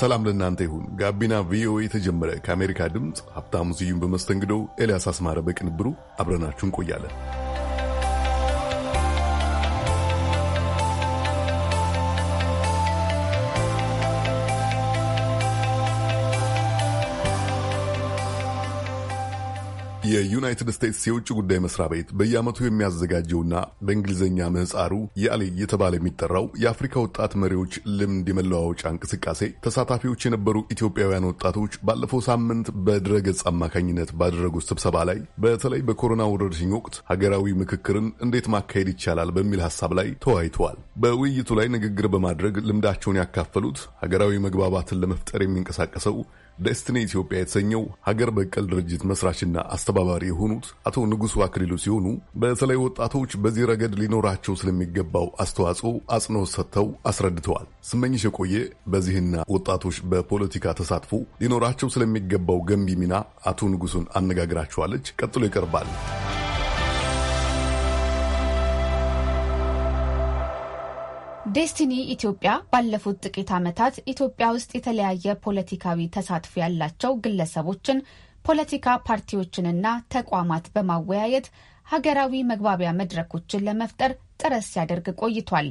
ሰላም ለእናንተ ይሁን። ጋቢና ቪኦኤ የተጀመረ ከአሜሪካ ድምፅ ሀብታሙ ስዩም በመስተንግዶው ኤልያስ አስማረ በቅንብሩ አብረናችሁ እንቆያለን። የዩናይትድ ስቴትስ የውጭ ጉዳይ መስሪያ ቤት በየዓመቱ የሚያዘጋጀውና በእንግሊዝኛ ምህፃሩ ያሌ እየተባለ የሚጠራው የአፍሪካ ወጣት መሪዎች ልምድ የመለዋወጫ እንቅስቃሴ ተሳታፊዎች የነበሩ ኢትዮጵያውያን ወጣቶች ባለፈው ሳምንት በድረገጽ አማካኝነት ባደረጉት ስብሰባ ላይ በተለይ በኮሮና ወረርሽኝ ወቅት ሀገራዊ ምክክርን እንዴት ማካሄድ ይቻላል በሚል ሀሳብ ላይ ተወያይተዋል። በውይይቱ ላይ ንግግር በማድረግ ልምዳቸውን ያካፈሉት ሀገራዊ መግባባትን ለመፍጠር የሚንቀሳቀሰው ደስትኔ ኢትዮጵያ የተሰኘው ሀገር በቀል ድርጅት መስራችና አስተባባሪ የሆኑት አቶ ንጉሱ አክሊሉ ሲሆኑ በተለይ ወጣቶች በዚህ ረገድ ሊኖራቸው ስለሚገባው አስተዋጽኦ አጽንኦት ሰጥተው አስረድተዋል። ስመኝሽ የቆየ በዚህና ወጣቶች በፖለቲካ ተሳትፎ ሊኖራቸው ስለሚገባው ገንቢ ሚና አቶ ንጉሱን አነጋግራችኋለች። ቀጥሎ ይቀርባል። ዴስቲኒ ኢትዮጵያ ባለፉት ጥቂት ዓመታት ኢትዮጵያ ውስጥ የተለያየ ፖለቲካዊ ተሳትፎ ያላቸው ግለሰቦችን፣ ፖለቲካ ፓርቲዎችንና ተቋማት በማወያየት ሀገራዊ መግባቢያ መድረኮችን ለመፍጠር ጥረት ሲያደርግ ቆይቷል።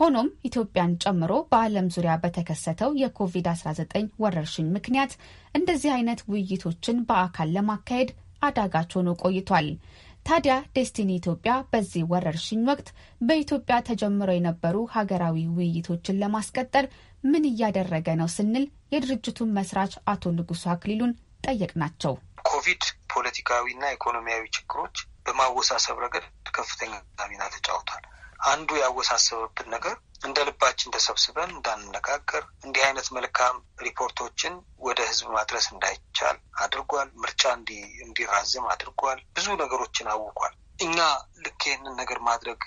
ሆኖም ኢትዮጵያን ጨምሮ በዓለም ዙሪያ በተከሰተው የኮቪድ-19 ወረርሽኝ ምክንያት እንደዚህ አይነት ውይይቶችን በአካል ለማካሄድ አዳጋች ሆኖ ቆይቷል። ታዲያ ዴስቲኒ ኢትዮጵያ በዚህ ወረርሽኝ ወቅት በኢትዮጵያ ተጀምረው የነበሩ ሀገራዊ ውይይቶችን ለማስቀጠል ምን እያደረገ ነው ስንል የድርጅቱን መስራች አቶ ንጉሱ አክሊሉን ጠየቅናቸው። ኮቪድ ፖለቲካዊና ኢኮኖሚያዊ ችግሮች በማወሳሰብ ረገድ ከፍተኛ ሚና ተጫውቷል። አንዱ ያወሳሰበብን ነገር እንደ ልባችን ተሰብስበን እንዳንነጋገር እንዲህ አይነት መልካም ሪፖርቶችን ወደ ህዝብ ማድረስ እንዳይቻል አድርጓል። ምርጫ እንዲራዘም አድርጓል። ብዙ ነገሮችን አውቋል። እኛ ልክ ይህንን ነገር ማድረግ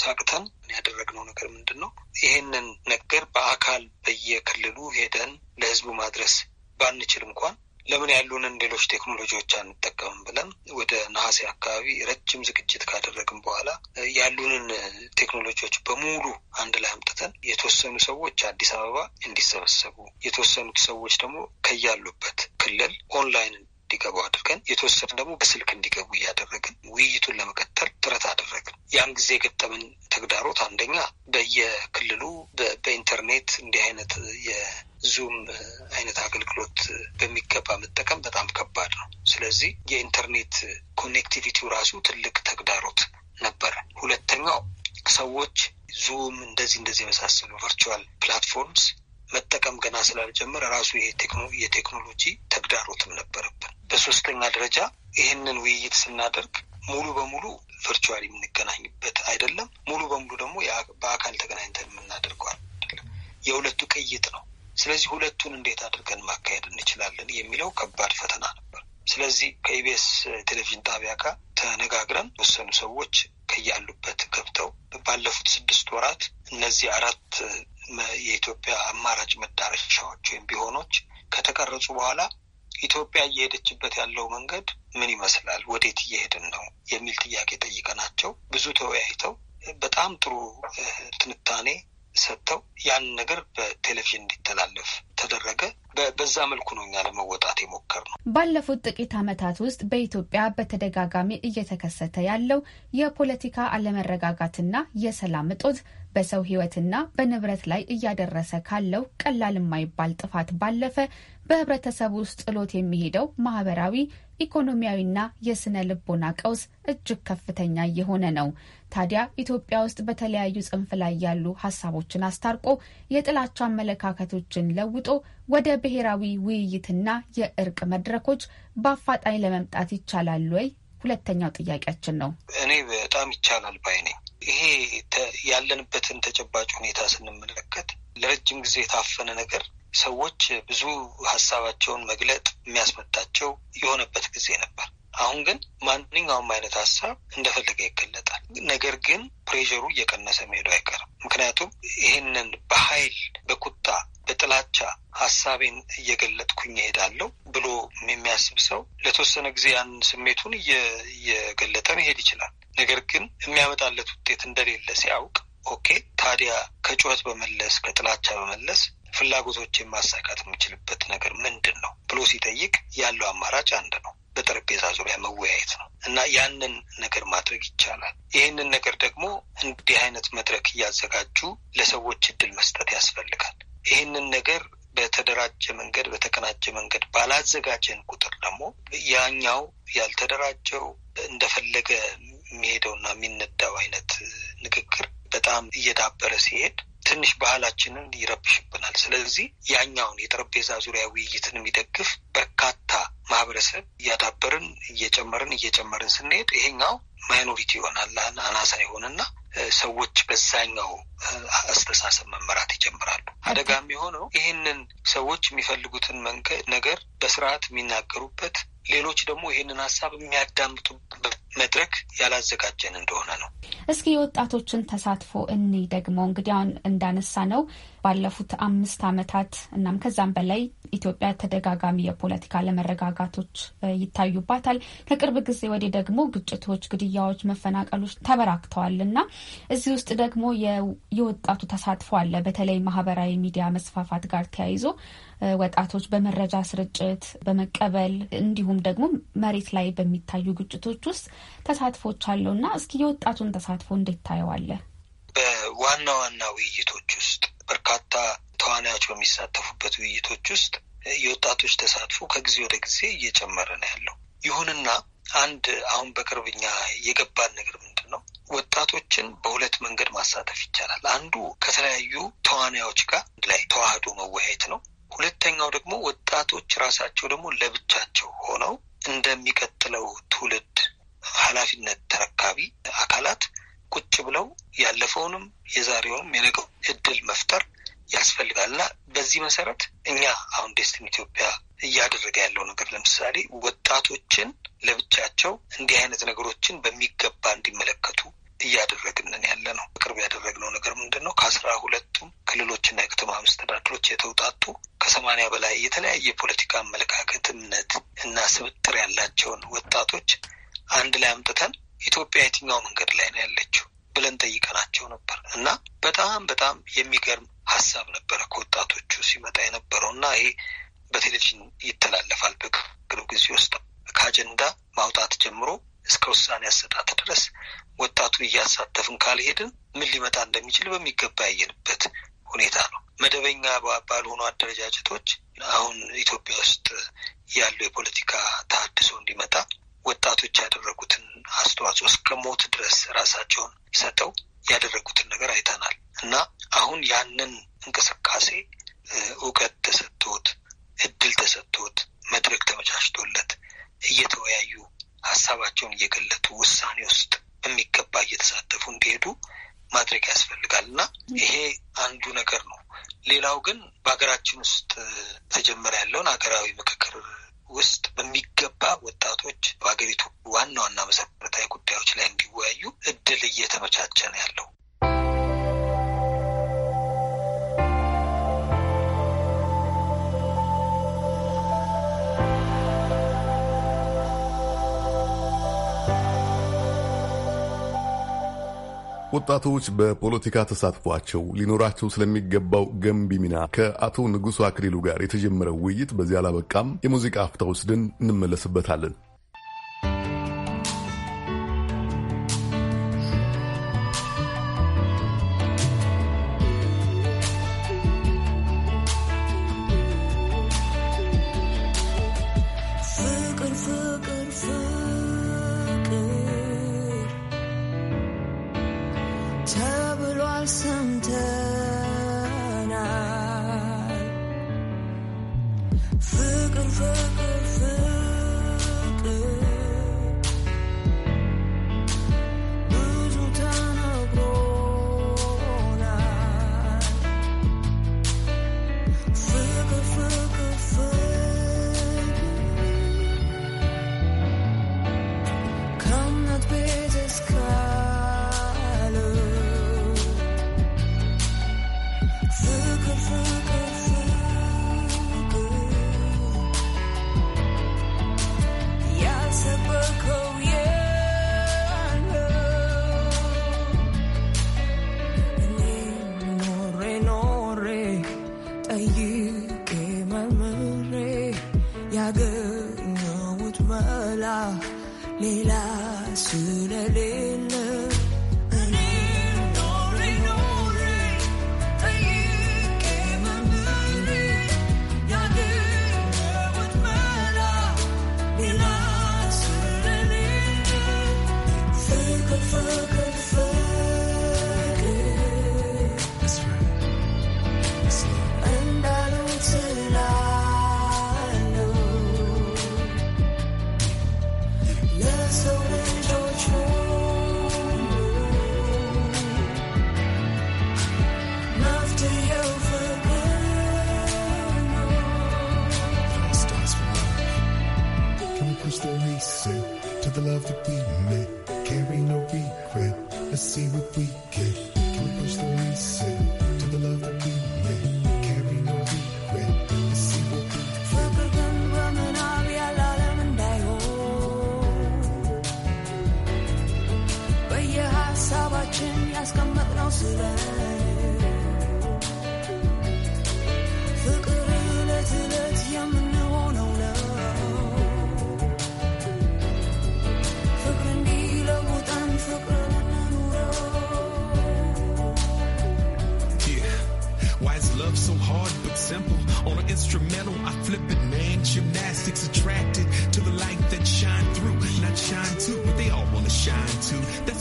ሲያቅተን ያደረግነው ነገር ምንድን ነው? ይህንን ነገር በአካል በየክልሉ ሄደን ለህዝቡ ማድረስ ባንችል እንኳን ለምን ያሉንን ሌሎች ቴክኖሎጂዎች አንጠቀምም ብለን ወደ ነሐሴ አካባቢ ረጅም ዝግጅት ካደረግን በኋላ ያሉንን ቴክኖሎጂዎች በሙሉ አንድ ላይ አምጥተን የተወሰኑ ሰዎች አዲስ አበባ እንዲሰበሰቡ የተወሰኑት ሰዎች ደግሞ ከያሉበት ክልል ኦንላይን እንዲገቡ አድርገን የተወሰኑ ደግሞ በስልክ እንዲገቡ እያደረግን ውይይቱን ለመቀጠል ጥረት አደረግን። ያን ጊዜ የገጠምን ተግዳሮት አንደኛ በየክልሉ በኢንተርኔት እንዲህ አይነት የዙም አይነት አገልግሎት በሚገባ መጠቀም በጣም ከባድ ነው። ስለዚህ ሞቢሊቲው ራሱ ትልቅ ተግዳሮት ነበረ። ሁለተኛው ሰዎች ዙም እንደዚህ እንደዚህ የመሳሰሉ ቨርቹዋል ፕላትፎርምስ መጠቀም ገና ስላልጀመረ ራሱ የቴክኖሎጂ ተግዳሮትም ነበረብን። በሶስተኛ ደረጃ ይህንን ውይይት ስናደርግ ሙሉ በሙሉ ቨርቹዋል የምንገናኝበት አይደለም፣ ሙሉ በሙሉ ደግሞ በአካል ተገናኝተን የምናደርገው አይደለም። የሁለቱ ቅይጥ ነው። ስለዚህ ሁለቱን እንዴት አድርገን ማካሄድ እንችላለን የሚለው ከባድ ፈተና ነው። ስለዚህ ከኢቢኤስ ቴሌቪዥን ጣቢያ ጋር ተነጋግረን ወሰኑ ሰዎች ከያሉበት ገብተው ባለፉት ስድስት ወራት እነዚህ አራት የኢትዮጵያ አማራጭ መዳረሻዎች ወይም ቢሆኖች ከተቀረጹ በኋላ ኢትዮጵያ እየሄደችበት ያለው መንገድ ምን ይመስላል፣ ወዴት እየሄድን ነው የሚል ጥያቄ ጠይቀናቸው ብዙ ተወያይተው በጣም ጥሩ ትንታኔ ሰጥተው ያን ነገር በቴሌቪዥን እንዲተላለፍ ተደረገ። በዛ መልኩ ነው እኛ ለመወጣት የሞከር ነው። ባለፉት ጥቂት ዓመታት ውስጥ በኢትዮጵያ በተደጋጋሚ እየተከሰተ ያለው የፖለቲካ አለመረጋጋትና የሰላም እጦት በሰው ሕይወትና በንብረት ላይ እያደረሰ ካለው ቀላል የማይባል ጥፋት ባለፈ በኅብረተሰብ ውስጥ ጥሎት የሚሄደው ማህበራዊ ኢኮኖሚያዊና የስነ ልቦና ቀውስ እጅግ ከፍተኛ እየሆነ ነው። ታዲያ ኢትዮጵያ ውስጥ በተለያዩ ጽንፍ ላይ ያሉ ሀሳቦችን አስታርቆ የጥላቻ አመለካከቶችን ለውጦ ወደ ብሔራዊ ውይይትና የእርቅ መድረኮች በአፋጣኝ ለመምጣት ይቻላል ወይ? ሁለተኛው ጥያቄያችን ነው። እኔ በጣም ይቻላል ባይ ነኝ። ይሄ ያለንበትን ተጨባጭ ሁኔታ ስንመለከት ለረጅም ጊዜ የታፈነ ነገር ሰዎች ብዙ ሀሳባቸውን መግለጥ የሚያስመጣቸው የሆነበት ጊዜ ነበር። አሁን ግን ማንኛውም አይነት ሀሳብ እንደፈለገ ይገለጣል። ነገር ግን ፕሬሸሩ እየቀነሰ መሄዱ አይቀርም። ምክንያቱም ይህንን በኃይል በቁጣ በጥላቻ ሀሳቤን እየገለጥኩኝ እሄዳለሁ ብሎ የሚያስብ ሰው ለተወሰነ ጊዜ ያን ስሜቱን እየገለጠ መሄድ ይችላል። ነገር ግን የሚያመጣለት ውጤት እንደሌለ ሲያውቅ ኦኬ ታዲያ ከጩኸት በመለስ ከጥላቻ በመለስ ፍላጎቶችን ማሳካት የምችልበት ነገር ምንድን ነው ብሎ ሲጠይቅ ያለው አማራጭ አንድ ነው፣ በጠረጴዛ ዙሪያ መወያየት ነው እና ያንን ነገር ማድረግ ይቻላል። ይህንን ነገር ደግሞ እንዲህ አይነት መድረክ እያዘጋጁ ለሰዎች እድል መስጠት ያስፈልጋል። ይህንን ነገር በተደራጀ መንገድ በተቀናጀ መንገድ ባላዘጋጀን ቁጥር ደግሞ ያኛው ያልተደራጀው እንደፈለገ የሚሄደውና የሚነዳው አይነት ንግግር በጣም እየዳበረ ሲሄድ ትንሽ ባህላችንን ይረብሽብናል። ስለዚህ ያኛውን የጠረጴዛ ዙሪያ ውይይትን የሚደግፍ በርካታ ማህበረሰብ እያዳበርን እየጨመርን እየጨመርን ስንሄድ ይሄኛው ማይኖሪቲ ይሆናል፣ አናሳ ይሆንና ሰዎች በዛኛው አስተሳሰብ መመራት ይጀምራሉ። አደጋ የሚሆነው ይህንን ሰዎች የሚፈልጉትን ነገር በስርዓት የሚናገሩበት ሌሎች ደግሞ ይህንን ሀሳብ የሚያዳምጡበት መድረክ ያላዘጋጀን እንደሆነ ነው። እስኪ የወጣቶችን ተሳትፎ እኒ ደግሞ እንግዲህ አሁን እንዳነሳ ነው ባለፉት አምስት ዓመታት እናም ከዛም በላይ ኢትዮጵያ ተደጋጋሚ የፖለቲካ አለመረጋጋቶች ይታዩባታል። ከቅርብ ጊዜ ወዲህ ደግሞ ግጭቶች፣ ግድያዎች፣ መፈናቀሎች ተበራክተዋል እና እዚህ ውስጥ ደግሞ የወጣቱ ተሳትፎ አለ። በተለይ ማህበራዊ ሚዲያ መስፋፋት ጋር ተያይዞ ወጣቶች በመረጃ ስርጭት በመቀበል እንዲሁም ደግሞ መሬት ላይ በሚታዩ ግጭቶች ውስጥ ተሳትፎች አለው እና እስኪ የወጣቱን ተሳትፎ እንዴት ታየዋለ? በዋና ዋና ውይይቶች ውስጥ በርካታ ተዋናዮች በሚሳተፉበት ውይይቶች ውስጥ የወጣቶች ተሳትፎ ከጊዜ ወደ ጊዜ እየጨመረ ነው ያለው። ይሁንና አንድ አሁን በቅርብ እኛ የገባን ነገር ምንድን ነው፣ ወጣቶችን በሁለት መንገድ ማሳተፍ ይቻላል። አንዱ ከተለያዩ ተዋናዮች ጋር ላይ ተዋህዶ መወያየት ነው። ሁለተኛው ደግሞ ወጣቶች ራሳቸው ደግሞ ለብቻቸው ሆነው እንደሚቀጥለው ትውልድ ኃላፊነት ተረካቢ አካላት ቁጭ ብለው ያለፈውንም የዛሬውንም የነገው እድል መፍጠር ያስፈልጋል እና በዚህ መሰረት እኛ አሁን ዴስቲኒ ኢትዮጵያ እያደረገ ያለው ነገር ለምሳሌ ወጣቶችን ለብቻቸው እንዲህ አይነት ነገሮችን በሚገባ እንዲመለከቱ እያደረግንን ያለ ነው። በቅርብ ያደረግነው ነገር ምንድን ነው? ከአስራ ሁለቱም ክልሎችና የከተማ መስተዳድሮች የተውጣጡ ከሰማንያ በላይ የተለያየ ፖለቲካ አመለካከት፣ እምነት እና ስብጥር ያላቸውን ወጣቶች አንድ ላይ አምጥተን ኢትዮጵያ የትኛው መንገድ ላይ ነው ያለችው ብለን ጠይቀናቸው ነበር እና በጣም በጣም የሚገርም ሀሳብ ነበረ ከወጣቶቹ ሲመጣ የነበረው እና ይሄ በቴሌቪዥን ይተላለፋል። በቅርብ ጊዜ ውስጥ ከአጀንዳ ማውጣት ጀምሮ እስከ ውሳኔ አሰጣት ድረስ ወጣቱን እያሳተፍን ካልሄድን ምን ሊመጣ እንደሚችል በሚገባ ያየንበት ሁኔታ ነው። መደበኛ ባልሆኑ አደረጃጀቶች አሁን ኢትዮጵያ ውስጥ ያለው የፖለቲካ ተሃድሶ እንዲመጣ ወጣቶች ያደረጉትን አስተዋጽኦ እስከ ሞት ድረስ ራሳቸውን ሰጠው ያደረጉትን ነገር አይተናል እና አሁን ያንን እንቅስቃሴ እውቀት ተሰጥቶት እድል ተሰጥቶት መድረክ ተመቻችቶለት እየተወያዩ ሀሳባቸውን እየገለጡ ውሳኔ ውስጥ በሚገባ እየተሳተፉ እንዲሄዱ ማድረግ ያስፈልጋል እና ይሄ አንዱ ነገር ነው። ሌላው ግን በሀገራችን ውስጥ ተጀመረ ያለውን ሀገራዊ ምክክር ውስጥ በሚገባ ወጣቶች በሀገሪቱ ዋና ዋና መሰረታዊ ጉዳዮች ላይ እንዲወያዩ እድል እየተመቻቸ ነው ያለው። ወጣቶች በፖለቲካ ተሳትፏቸው ሊኖራቸው ስለሚገባው ገንቢ ሚና ከአቶ ንጉሱ አክሊሉ ጋር የተጀመረው ውይይት በዚህ አላበቃም። የሙዚቃ አፍታ ወስደን እንመለስበታለን። attitude.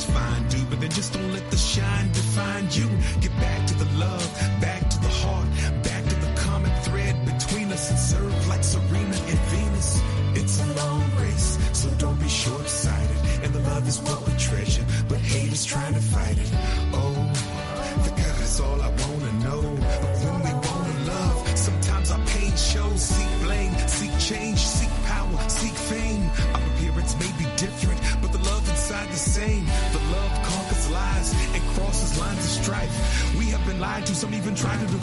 try to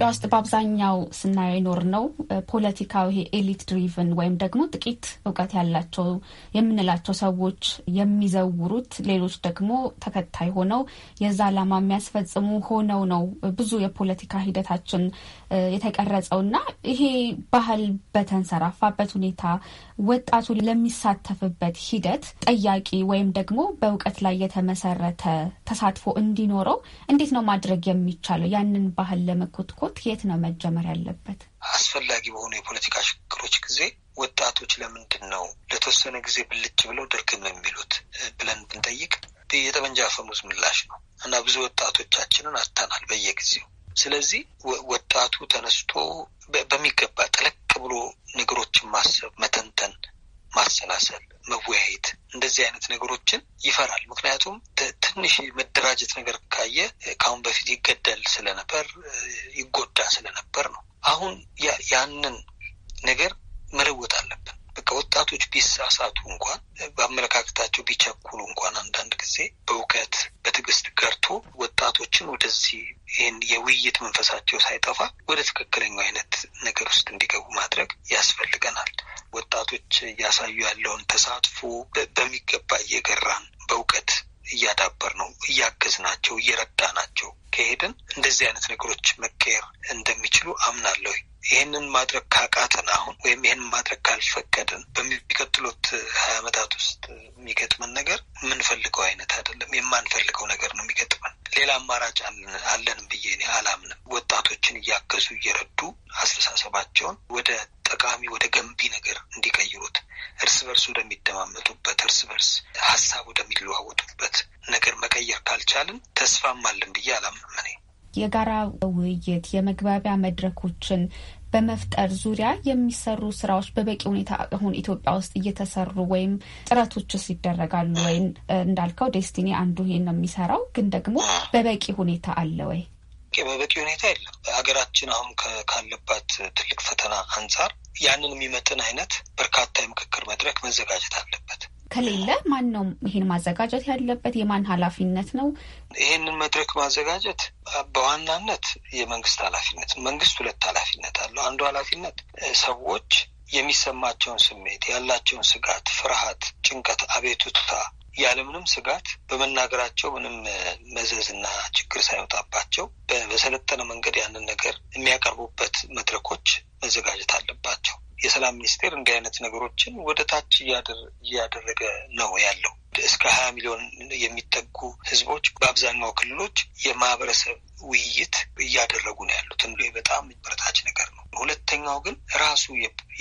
ኢትዮጵያ ውስጥ በአብዛኛው ስናየው ይኖር ነው ፖለቲካው ይሄ ኤሊት ድሪቭን ወይም ደግሞ ጥቂት እውቀት ያላቸው የምንላቸው ሰዎች የሚዘውሩት፣ ሌሎች ደግሞ ተከታይ ሆነው የዛ ዓላማ የሚያስፈጽሙ ሆነው ነው ብዙ የፖለቲካ ሂደታችን የተቀረጸው እና ይሄ ባህል በተንሰራፋበት ሁኔታ ወጣቱ ለሚሳተፍበት ሂደት ጠያቂ ወይም ደግሞ በእውቀት ላይ የተመሰረተ ተሳትፎ እንዲኖረው እንዴት ነው ማድረግ የሚቻለው? ያንን ባህል ለመኮትኮት ለውጥ የት ነው መጀመር ያለበት? አስፈላጊ በሆኑ የፖለቲካ ሽግሮች ጊዜ ወጣቶች ለምንድን ነው ለተወሰነ ጊዜ ብልጭ ብለው ድርግም የሚሉት ብለን ብንጠይቅ የጠመንጃ አፈሙዝ ምላሽ ነው እና ብዙ ወጣቶቻችንን አጥተናል በየጊዜው። ስለዚህ ወጣቱ ተነስቶ በሚገባ ጠለቅ ብሎ ነገሮችን ማሰብ፣ መተንተን ማሰላሰል፣ መወያየት እንደዚህ አይነት ነገሮችን ይፈራል። ምክንያቱም ትንሽ መደራጀት ነገር ካየ ከአሁን በፊት ይገደል ስለነበር ይጎዳ ስለነበር ነው። አሁን ያንን ነገር መለወጥ አለብን። ከወጣቶች ቢሳሳቱ እንኳን በአመለካከታቸው ቢቸኩሉ እንኳን አንዳንድ ጊዜ በእውቀት በትዕግስት ገርቶ ወጣቶችን ወደዚህ ይህን የውይይት መንፈሳቸው ሳይጠፋ ወደ ትክክለኛው አይነት ነገር ውስጥ እንዲገቡ ማድረግ ያስፈልገናል። ወጣቶች እያሳዩ ያለውን ተሳትፎ በሚገባ እየገራን በእውቀት እያዳበር ነው እያገዝ ናቸው እየረዳ ናቸው ከሄድን እንደዚህ አይነት ነገሮች መቀየር እንደሚችሉ አምናለሁ። ይህንን ማድረግ ካቃተን አሁን ወይም ይህን ማድረግ ካልፈቀድን በሚቀጥሉት ሀያ ዓመታት ውስጥ የሚገጥመን ነገር የምንፈልገው አይነት አይደለም። የማንፈልገው ነገር ነው የሚገጥመን። ሌላ አማራጭ አለን ብዬ እኔ አላምንም። ወጣቶችን እያገዙ እየረዱ አስተሳሰባቸውን ወደ ጠቃሚ ወደ ገንቢ ነገር እንዲቀይሩት እርስ በርስ ወደሚደማመጡበት እርስ በርስ ሀሳብ ወደሚለዋወጡበት ነገር መቀየር ካልቻልን ተስፋም አለን ብዬ አላምንም እኔ የጋራ ውይይት የመግባቢያ መድረኮችን በመፍጠር ዙሪያ የሚሰሩ ስራዎች በበቂ ሁኔታ አሁን ኢትዮጵያ ውስጥ እየተሰሩ ወይም ጥረቶችስ ይደረጋሉ ወይም እንዳልከው ዴስቲኒ አንዱ ይሄን ነው የሚሰራው፣ ግን ደግሞ በበቂ ሁኔታ አለ ወይ? በበቂ ሁኔታ የለም። ሀገራችን አሁን ካለባት ትልቅ ፈተና አንጻር ያንን የሚመጥን አይነት በርካታ የምክክር መድረክ መዘጋጀት አለበት። ከሌለ ማን ነው ይሄን ማዘጋጀት ያለበት? የማን ኃላፊነት ነው? ይህንን መድረክ ማዘጋጀት በዋናነት የመንግስት ኃላፊነት። መንግስት ሁለት ኃላፊነት አለው። አንዱ ኃላፊነት ሰዎች የሚሰማቸውን ስሜት፣ ያላቸውን ስጋት፣ ፍርሃት፣ ጭንቀት፣ አቤቱታ ያለምንም ስጋት በመናገራቸው ምንም መዘዝና ችግር ሳይወጣባቸው በሰለጠነ መንገድ ያንን ነገር የሚያቀርቡበት መድረኮች መዘጋጀት አለባቸው። የሰላም ሚኒስቴር እንዲህ አይነት ነገሮችን ወደ ታች እያደረገ ነው ያለው። እስከ ሀያ ሚሊዮን የሚጠጉ ህዝቦች በአብዛኛው ክልሎች የማህበረሰብ ውይይት እያደረጉ ነው ያሉት። እንዲ በጣም በረታች ነገር ነው። ሁለተኛው ግን ራሱ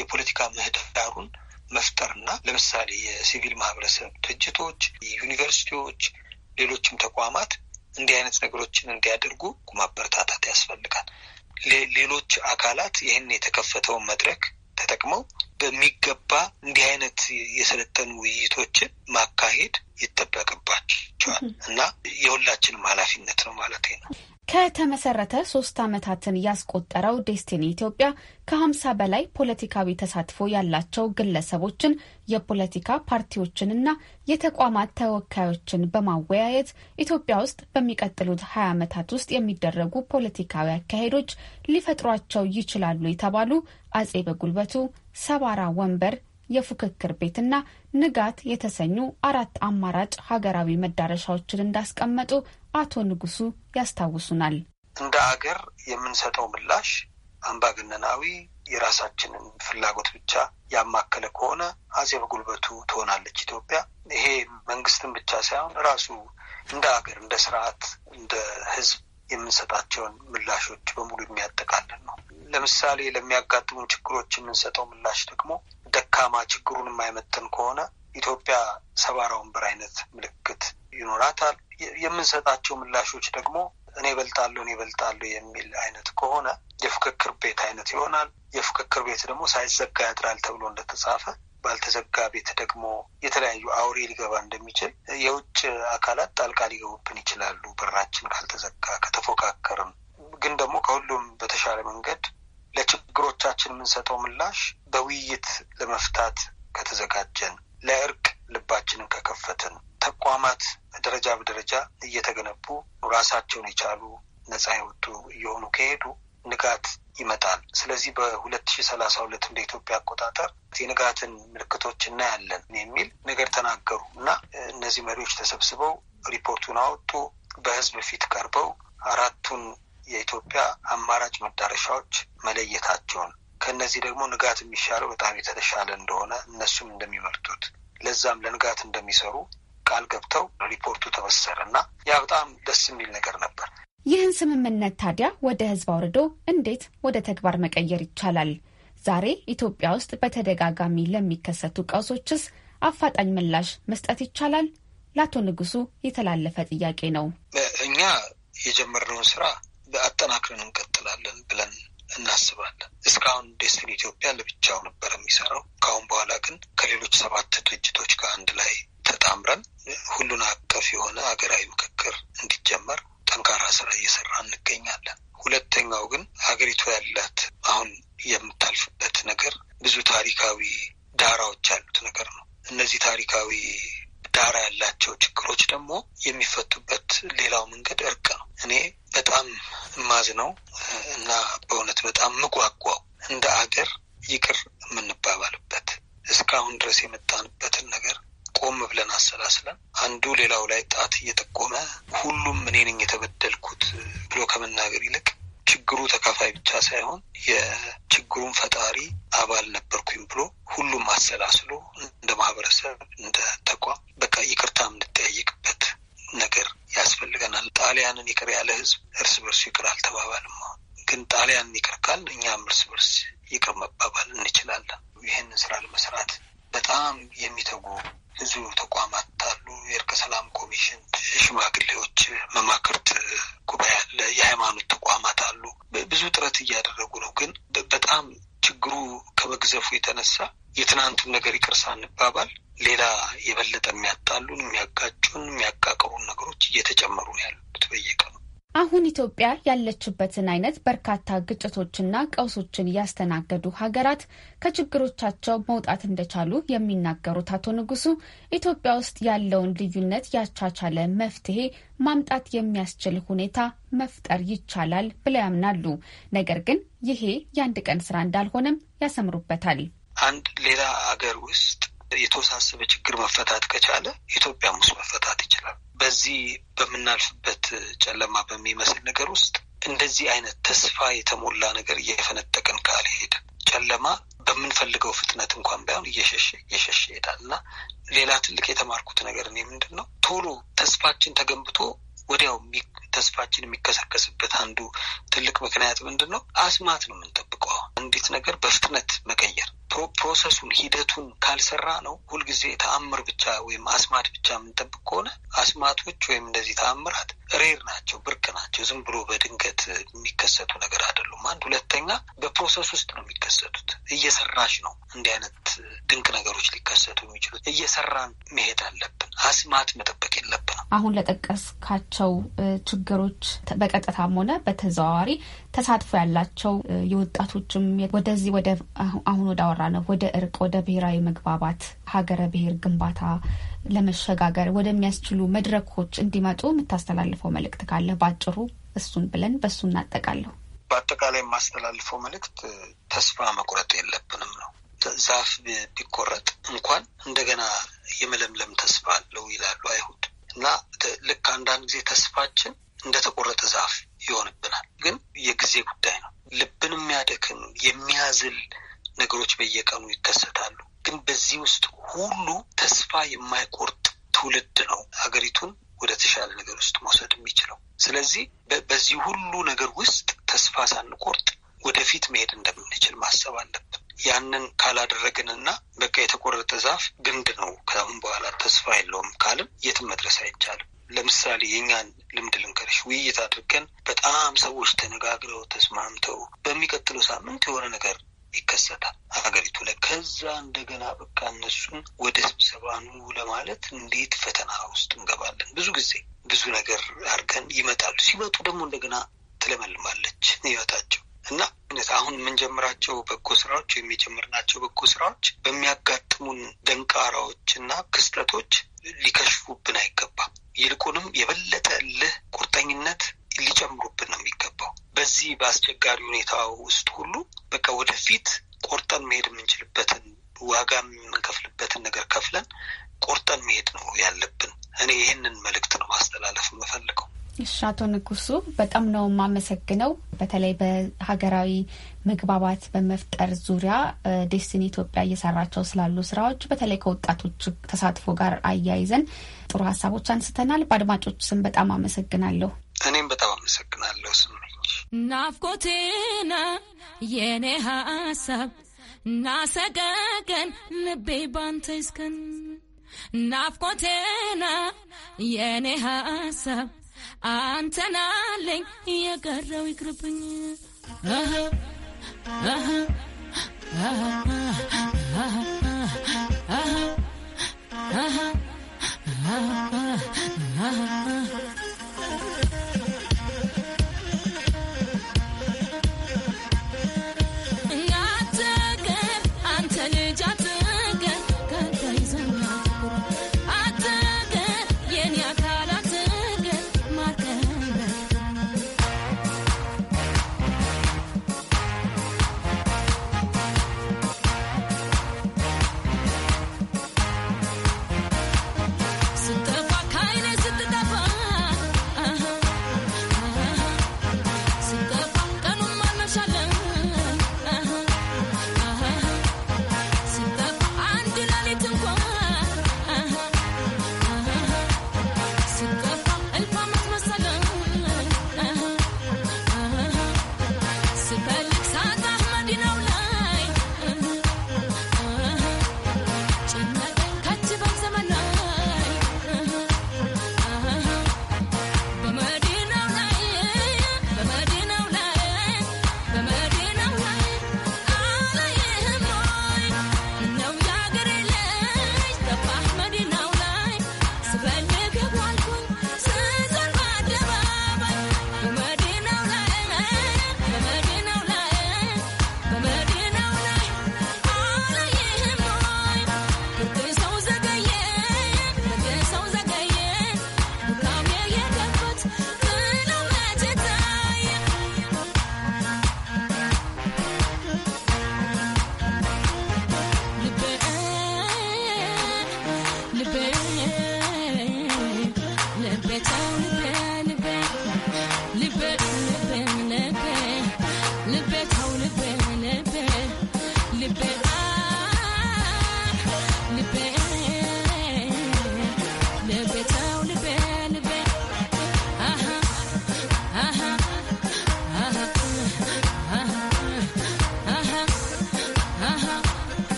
የፖለቲካ ምህዳሩን መፍጠርና ለምሳሌ የሲቪል ማህበረሰብ ድርጅቶች፣ ዩኒቨርሲቲዎች፣ ሌሎችም ተቋማት እንዲህ አይነት ነገሮችን እንዲያደርጉ ማበረታታት ያስፈልጋል። ሌሎች አካላት ይህን የተከፈተውን መድረክ ተጠቅመው በሚገባ እንዲህ አይነት የሰለጠኑ ውይይቶችን ማካሄድ ይጠበቅባቸዋል እና የሁላችንም ኃላፊነት ነው ማለት ነው። ከተመሰረተ ሶስት ዓመታትን ያስቆጠረው ዴስቲኒ ኢትዮጵያ ከሀምሳ በላይ ፖለቲካዊ ተሳትፎ ያላቸው ግለሰቦችን የፖለቲካ ፓርቲዎችንና የተቋማት ተወካዮችን በማወያየት ኢትዮጵያ ውስጥ በሚቀጥሉት ሀያ ዓመታት ውስጥ የሚደረጉ ፖለቲካዊ አካሄዶች ሊፈጥሯቸው ይችላሉ የተባሉ አጼ በጉልበቱ፣ ሰባራ ወንበር የፉክክር ቤትና ንጋት የተሰኙ አራት አማራጭ ሀገራዊ መዳረሻዎችን እንዳስቀመጡ አቶ ንጉሱ ያስታውሱናል። እንደ አገር የምንሰጠው ምላሽ አምባገነናዊ የራሳችንን ፍላጎት ብቻ ያማከለ ከሆነ አዜብ ጉልበቱ ትሆናለች ኢትዮጵያ። ይሄ መንግስትን ብቻ ሳይሆን ራሱ እንደ ሀገር፣ እንደ ስርዓት፣ እንደ ህዝብ የምንሰጣቸውን ምላሾች በሙሉ የሚያጠቃልል ነው። ለምሳሌ ለሚያጋጥሙ ችግሮች የምንሰጠው ምላሽ ደግሞ ደካማ ችግሩን የማይመጥን ከሆነ ኢትዮጵያ ሰባራ ወንበር አይነት ምልክት ይኖራታል። የምንሰጣቸው ምላሾች ደግሞ እኔ እበልጣለሁ እኔ እበልጣለሁ የሚል አይነት ከሆነ የፍክክር ቤት አይነት ይሆናል። የፍክክር ቤት ደግሞ ሳይዘጋ ያድራል ተብሎ እንደተጻፈ ባልተዘጋ ቤት ደግሞ የተለያዩ አውሬ ሊገባ እንደሚችል የውጭ አካላት ጣልቃ ሊገቡብን ይችላሉ። በራችን ካልተዘጋ ከተፎካከርም ግን ደግሞ ከሁሉም በተሻለ መንገድ ለችግሮች ሁላችን የምንሰጠው ምላሽ በውይይት ለመፍታት ከተዘጋጀን፣ ለእርቅ ልባችንን ከከፈትን፣ ተቋማት ደረጃ በደረጃ እየተገነቡ ራሳቸውን የቻሉ ነጻ የወጡ እየሆኑ ከሄዱ ንጋት ይመጣል። ስለዚህ በሁለት ሺ ሰላሳ ሁለት እንደ ኢትዮጵያ አቆጣጠር የንጋትን ምልክቶች እናያለን የሚል ነገር ተናገሩ እና እነዚህ መሪዎች ተሰብስበው ሪፖርቱን አወጡ። በህዝብ ፊት ቀርበው አራቱን የኢትዮጵያ አማራጭ መዳረሻዎች መለየታቸውን ከእነዚህ ደግሞ ንጋት የሚሻለው በጣም የተሻለ እንደሆነ እነሱም እንደሚመርጡት ለዛም ለንጋት እንደሚሰሩ ቃል ገብተው ሪፖርቱ ተበሰረ እና ያ በጣም ደስ የሚል ነገር ነበር። ይህን ስምምነት ታዲያ ወደ ህዝብ አውርዶ እንዴት ወደ ተግባር መቀየር ይቻላል? ዛሬ ኢትዮጵያ ውስጥ በተደጋጋሚ ለሚከሰቱ ቀውሶችስ አፋጣኝ ምላሽ መስጠት ይቻላል? ለአቶ ንጉሱ የተላለፈ ጥያቄ ነው። እኛ የጀመርነውን ስራ በአጠናክረን እንቀጥላለን ብለን እናስባለን። እስካሁን ዴስቲኒ ኢትዮጵያ ለብቻው ነበር የሚሰራው። ከአሁን በኋላ ግን ከሌሎች ሰባት ድርጅቶች ጋር አንድ ላይ ተጣምረን ሁሉን አቀፍ የሆነ ሀገራዊ ምክክር እንዲጀመር ጠንካራ ስራ እየሰራ እንገኛለን። ሁለተኛው ግን ሀገሪቱ ያላት አሁን የምታልፍበት ነገር ብዙ ታሪካዊ ዳራዎች ያሉት ነገር ነው። እነዚህ ታሪካዊ ዳራ ያላቸው ችግሮች ደግሞ የሚፈቱበት ሌላው መንገድ እርቅ ነው። እኔ በጣም ማዝ ነው እና በእውነት በጣም ምጓጓው እንደ አገር ይቅር የምንባባልበት እስካሁን ድረስ የመጣንበትን ነገር ቆም ብለን አሰላስለን አንዱ ሌላው ላይ ጣት እየጠቆመ ሁሉም እኔ ነኝ የተበደልኩት ብሎ ከመናገር ይልቅ ችግሩ ተካፋይ ብቻ ሳይሆን የችግሩን ፈጣሪ አባል ነበርኩኝ ብሎ ሁሉም አሰላስሎ እንደ ማህበረሰብ እንደ ተቋም በቃ ይቅርታ የምንጠያየቅበት ነገር ያስፈልገናል። ጣሊያንን ይቅር ያለ ህዝብ እርስ በርሱ ይቅር አልተባባልም። ግን ጣሊያንን ይቅር ካል እኛም እርስ በርስ ይቅር መባባል እንችላለን። ይህንን ስራ ለመስራት በጣም የሚተጉ ብዙ ተቋማት የእርቀ ሰላም ኮሚሽን፣ ሽማግሌዎች፣ መማክርት ጉባኤ አለ፣ የሃይማኖት ተቋማት አሉ። ብዙ ጥረት እያደረጉ ነው። ግን በጣም ችግሩ ከመግዘፉ የተነሳ የትናንቱን ነገር ይቅርሳ እንባባል ሌላ የበለጠ የሚያጣሉን፣ የሚያጋጩን፣ የሚያቃቅሩን ነገሮች እየተጨመሩ ነው ያሉት በየቀኑ አሁን ኢትዮጵያ ያለችበትን አይነት በርካታ ግጭቶችና ቀውሶችን ያስተናገዱ ሀገራት ከችግሮቻቸው መውጣት እንደቻሉ የሚናገሩት አቶ ንጉሱ ኢትዮጵያ ውስጥ ያለውን ልዩነት ያቻቻለ መፍትሄ ማምጣት የሚያስችል ሁኔታ መፍጠር ይቻላል ብለው ያምናሉ። ነገር ግን ይሄ የአንድ ቀን ስራ እንዳልሆነም ያሰምሩበታል። አንድ ሌላ አገር ውስጥ የተወሳሰበ ችግር መፈታት ከቻለ ኢትዮጵያም ውስጥ መፈታት ይችላል። በዚህ በምናልፍበት ጨለማ በሚመስል ነገር ውስጥ እንደዚህ አይነት ተስፋ የተሞላ ነገር እየፈነጠቅን ካልሄድ ጨለማ በምንፈልገው ፍጥነት እንኳን ባይሆን እየሸሸ እየሸሸ ይሄዳል እና ሌላ ትልቅ የተማርኩት ነገር እኔ ምንድን ነው ቶሎ ተስፋችን ተገንብቶ ወዲያው ተስፋችን የሚከሰከስበት አንዱ ትልቅ ምክንያት ምንድን ነው? አስማት ነው የምንጠብቀው። አንዲት ነገር በፍጥነት መቀየር ፕሮሰሱን ሂደቱን ካልሰራ ነው ሁልጊዜ ተአምር ብቻ ወይም አስማት ብቻ የምንጠብቅ ከሆነ አስማቶች ወይም እንደዚህ ተአምራት ሬር ናቸው፣ ብርቅ ናቸው። ዝም ብሎ በድንገት የሚከሰቱ ነገር አይደሉም። አንድ ሁለተኛ በፕሮሰስ ውስጥ ነው የሚከሰቱት። እየሰራሽ ነው እንዲህ አይነት ድንቅ ነገሮች ሊከሰቱ የሚችሉት። እየሰራን መሄድ አለብን። አስማት መጠበቅ የለብንም። አሁን ለጠቀስካቸው ችግሮች በቀጥታም ሆነ በተዘዋዋሪ ተሳትፎ ያላቸው የወጣቶችም ወደዚህ ወደ አሁን ወደ አወራ ነው ወደ እርቅ ወደ ብሔራዊ መግባባት ሀገረ ብሔር ግንባታ ለመሸጋገር ወደሚያስችሉ መድረኮች እንዲመጡ የምታስተላልፈው መልእክት ካለ በአጭሩ እሱን ብለን በእሱ እናጠቃለሁ። በአጠቃላይ የማስተላልፈው መልእክት ተስፋ መቁረጥ የለብንም ነው። ዛፍ ቢቆረጥ እንኳን እንደገና የመለምለም ተስፋ አለው ይላሉ አይሁድ እና ልክ አንዳንድ ጊዜ ተስፋችን እንደተቆረጠ ዛፍ ይሆንብናል። ግን የጊዜ ጉዳይ ነው። ልብን የሚያደክም የሚያዝል ነገሮች በየቀኑ ይከሰታሉ። ግን በዚህ ውስጥ ሁሉ ተስፋ የማይቆርጥ ትውልድ ነው ሀገሪቱን ወደ ተሻለ ነገር ውስጥ መውሰድ የሚችለው። ስለዚህ በዚህ ሁሉ ነገር ውስጥ ተስፋ ሳንቆርጥ ወደፊት መሄድ እንደምንችል ማሰብ አለብን። ያንን ካላደረግንና በቃ የተቆረጠ ዛፍ ግንድ ነው ከአሁን በኋላ ተስፋ የለውም ካልን የትም መድረስ አይቻልም። ለምሳሌ የኛን ልምድ ልንገርሽ፣ ውይይት አድርገን በጣም ሰዎች ተነጋግረው ተስማምተው በሚቀጥለው ሳምንት የሆነ ነገር ይከሰታል ሀገሪቱ ላይ። ከዛ እንደገና በቃ እነሱን ወደ ስብሰባ ኑ ለማለት እንዴት ፈተና ውስጥ እንገባለን? ብዙ ጊዜ ብዙ ነገር አድርገን ይመጣሉ። ሲመጡ ደግሞ እንደገና ትለመልማለች ህይወታቸው እና አሁን የምንጀምራቸው በጎ ስራዎች ወይም የጀመርናቸው በጎ ስራዎች በሚያጋጥሙን ደንቃራዎች እና ክስተቶች ሊከሽፉብን አይገባም። ይልቁንም የበለጠ ልህ ቁርጠኝነት ሊጨምሩብን ነው የሚገባው። በዚህ በአስቸጋሪ ሁኔታ ውስጥ ሁሉ በቃ ወደፊት ቆርጠን መሄድ የምንችልበትን ዋጋ የምንከፍልበትን ነገር ከፍለን ቆርጠን መሄድ ነው ያለብን። እኔ ይህንን መልእክት ነው ማስተላለፍ የምፈልገው። እሺ፣ ንጉሱ በጣም ነው የማመሰግነው። በተለይ በሀገራዊ መግባባት በመፍጠር ዙሪያ ዴስቲኒ ኢትዮጵያ እየሰራቸው ስላሉ ስራዎች በተለይ ከወጣቶች ተሳትፎ ጋር አያይዘን ጥሩ ሀሳቦች አንስተናል። በአድማጮች ስም በጣም አመሰግናለሁ። እኔም በጣም አመሰግናለሁ። ስምች ናፍቆቴና የኔ ሀሳብ ናሰቀቀን ልቤ ባንተ ይስከን ናፍቆቴና የኔ ሀሳብ አንተናለኝ እየቀረው ይቅርብኝ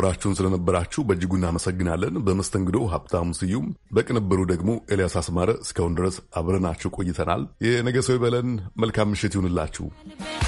አብራችሁን ስለነበራችሁ በእጅጉ እናመሰግናለን። በመስተንግዶ ሀብታሙ ስዩም፣ በቅንብሩ ደግሞ ኤልያስ አስማረ። እስካሁን ድረስ አብረናችሁ ቆይተናል። የነገ ሰው ይበለን። መልካም ምሽት ይሁንላችሁ።